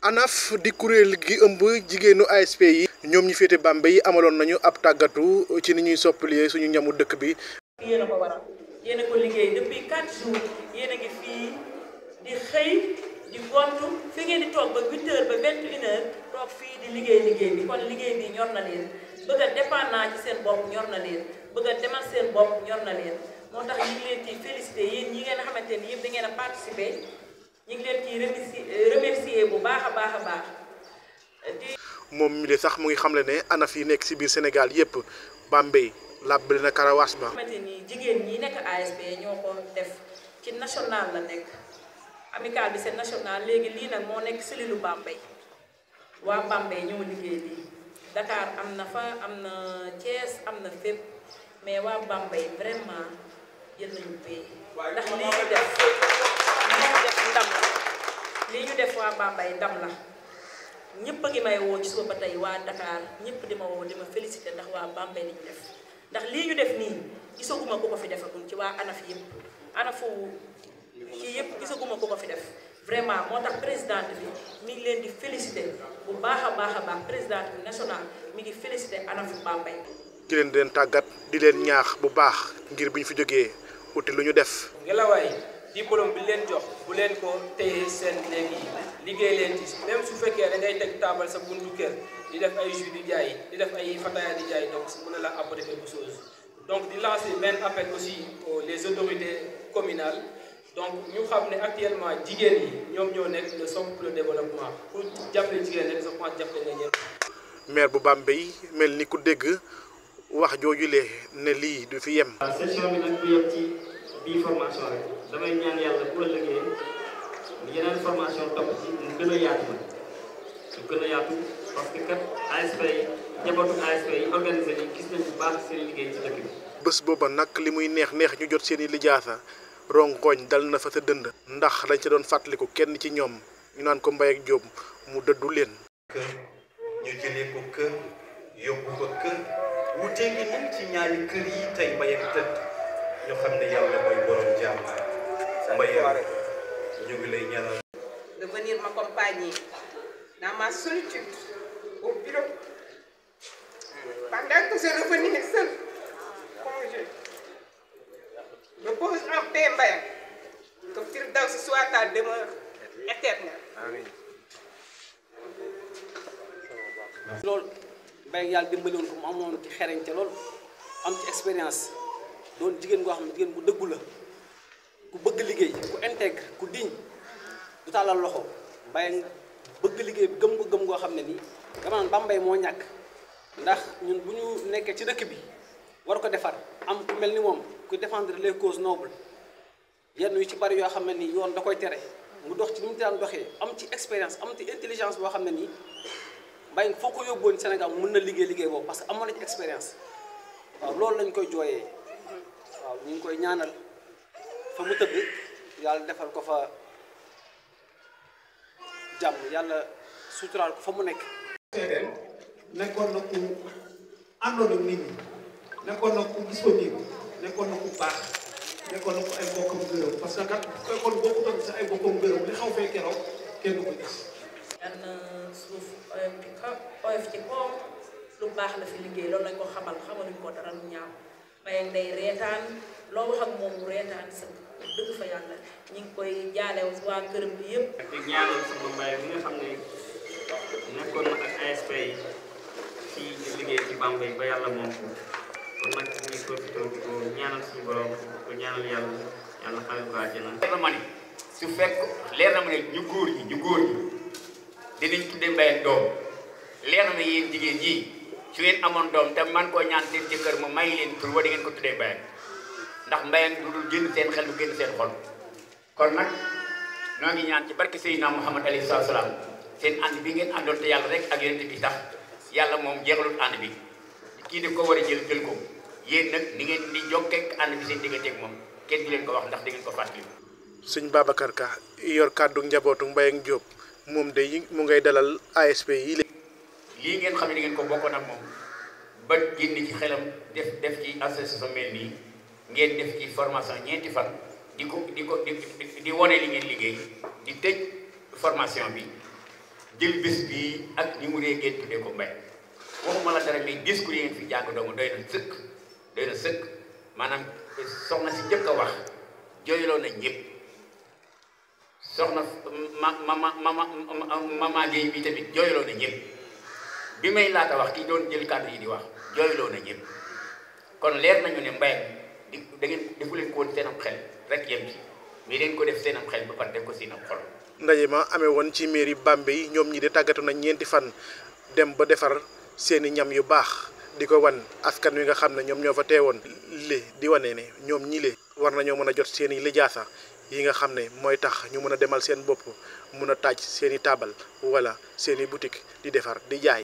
ANAF di kuréel gi ëmb jigéenu ASP yi ñoom ñi féete yi amaloon nañu ab tàggatu ci ni ñuy soppalee suñu ñamu dëkk bi yéen a ko waral yéen ko liggéey depuis quatre jours yéen a ngi fii di xëy di gontu fi ngeen di toog ba huit ba vingt une toog fii di liggéey liggéey bi kon liggéey bi ñor na leen bëgg a ci seen bopp ñor na leen bëgg demal seen bopp ñor na leen moo tax ñu leen ci félicité yéen ñi ngeen xamante ni yëpp da a participé ñu ngi leen ciy euh, remercier bu baax a baax a baax. moom mi sax mu ngi xamle ne ANAF yi nekk ci biir Sénégal yépp Bambey làbbali na karawaas ba. xamante ni jigéen ñi nekk ASP ñoo ko def ci national la nekk amical bi seen national léegi lii nag moo nekk cellule Bambey waa Bambey ñoo liggéey lii Dakar am na fa am na Thiès am na fépp mais waa Bambey vraiment yël nañu pay ndax lii def. lii ñu def waa Bambey ndam la ñëpp a ngi may woo ci suba ba tey waa Dakar ñëpp di ma woo di ma félicité ndax waa Bambey li ñu def ndax lii ñu def nii gisaguma ko ko fi defagum ci waa ANAF yëpp ANAFU kii yëpp ngi leen di félicité bu baax a baax a bi national mi ngi félicité ANAFU Bambey di leen di leen tàggat di leen ñaax bu baax ngir bu ñu fi jógee uti lu ñu def ngelawaay diplôme bi leen jox bu leen ko téye seen néeg yi liggéey leen ci même su fekkee da ngay teg taabal sa buntu kër di def ay jus di jaay di def ay fataya di jaay donc mën na la apporter quelque chose donc di lancer benn appel aussi aux les autorités communales donc ñu xam ne actuellement jigéen yi ñoom ñoo nekk le socle de développement pour jàppale jigéen rek je pense jàppale nga ñëpp. maire bu Bambey mel ni ku dégg wax joojulee ne lii du fi yem. waaw bi damay ñaan yàlla bu ëllëgee yeneen formation topp ci mu gën a mu gën a parce que kat ASP yi njabootu ASP yi organisé yi gis nañu baax seen liggéey ci dëkk bi. bés booba nag li muy neex neex ñu jot seeni lijaasa rongoñ dal na fa sa dënd. ndax dañ ca doon fàttaliku kenn ci ñoom ñu naan ko Mbaye ak Diop mu dëddu leen. kër ñu jëlee ko kër yóbbu ko kër wutee ngi ñun ci ñaari kër yi tey Mbaye ak tëdd ñu xam ne yàlla mooy borom jàmm. Mbaye ñu ngi lay ñaanal. de venir m'accompagner dans ma solitude au bureau pendant que je revenais seul congé me pose en paix Mbaye que Firdawsi soit ta demeure éternelle. amiin. loolu Mbaye yàlla dimbali woon ko mu amoon ci xereñte loolu am ci expérience doon jigéen goo xam ne jigéen ku tàllal loxo bàyyi Mbaye bëgg liggéey bi gëm ko gëm goo xam ne nii dama naan Bambey moo ñàkk ndax ñun bu ñu nekkee ci dëkk bi war ko defar am ku mel ni moom kuy défendre les causes nobles yenn yu ci bari yoo xam ne nii yoon da koy tere mu dox ci ni mu daan doxee am ci expérience am ci intelligence boo xam ne nii Mbaye foo ko yóbbuwoon Sénégal mun na liggéey liggéey boobu parce que amoon na ci expérience waaw loolu lañ koy jooyee waaw ñu ngi koy ñaanal jàmm yàlla suturaal ko fa mu nekk. nekkoon na ku àndoon ak nit ñi nekkoon na ku disponible nekkoon na ku baax nekkoon na ku ay bokkam gërëm parce que kat fekkoon bokku tam sa ay bokkam gërëm li xaw fee keroog kenn du ko gis. yàlla euh, suuf oyof ci koom lu baax la fi liggéey loolu lañ ko xamal xamaluñ ko dara lu ñaaw. Mbayang day reetaan loo wax moom mu reetaan sëgg dëgg fa yàlla ñu ngi koy jaale waa këram bi yëpp. ak di ko ñaanal suñu borom ko ñaanal yàlla yàlla xale ko àjjana. leer na ma ni su fekk leer ma ne ñu góor ñi ñu góor ñi dinañ tuddee Mbayang doom leer ma yéen jigéen ñi. su ngeen amoon doom te man koo ñaan seen jëkkër mu may leen tur wa di ngeen ko tuddee mbayang ndax mbayang du dul génn seen xel du génn seen xol kon nag noo ngi ñaan ci barke Seydina Muhammad alayhi salaam seen ànd bi ngeen àndoon te yàlla rek ak yonent bi tax yàlla moom jeexalul ànd bi kii di ko war a jël jël ko yéen nag ni ngeen di jokkee ànd bi seen digganteeg moom kenn du leen ko wax ndax di ngeen ko fàttali. sëñ Babacar Ka yor kàddu njabootu Mbayang Diop moom de lii ngeen xam ne di ngeen ko bokkoon ak moom ba génn ci xelam def def ci association mel nii ngeen def ci formation ñeenti fan di ko di ko di di wone li ngeen liggéey di tëj formation bi jël bés bi ak ni mu dee ngeen tuddee ko mbay waxuma la dara mais discours yi ngeen fi jàng doomu doy na sëkk doy na sëkk maanaam soxna si jëkk a wax jooyloo na ñëpp soxna ma ma ma ma ma ma Guèye bi tamit jooyloo na ñëpp. bi may laata wax ki doon jël kàddu yi di wax jooyloo na ñëpp kon leer nañu ne mbay di da leen ko woon seenam xel rek yem ci mais leen ko def seenam xel ba pare def ko seenam xol. ndaje ma amee woon ci mairie Bambey ñoom ñi de tàggatu nañ ñeenti fan dem ba defar seeni ñam yu baax di ko wan askan wi nga xam ne ñoom ñoo fa teewoon li di wane ne ñoom ñi war nañoo mën a jot seeni lijaasa yi nga xam ne mooy tax ñu mën a demal seen bopp mën a taaj seeni taabal wala seeni boutique di defar di jaay.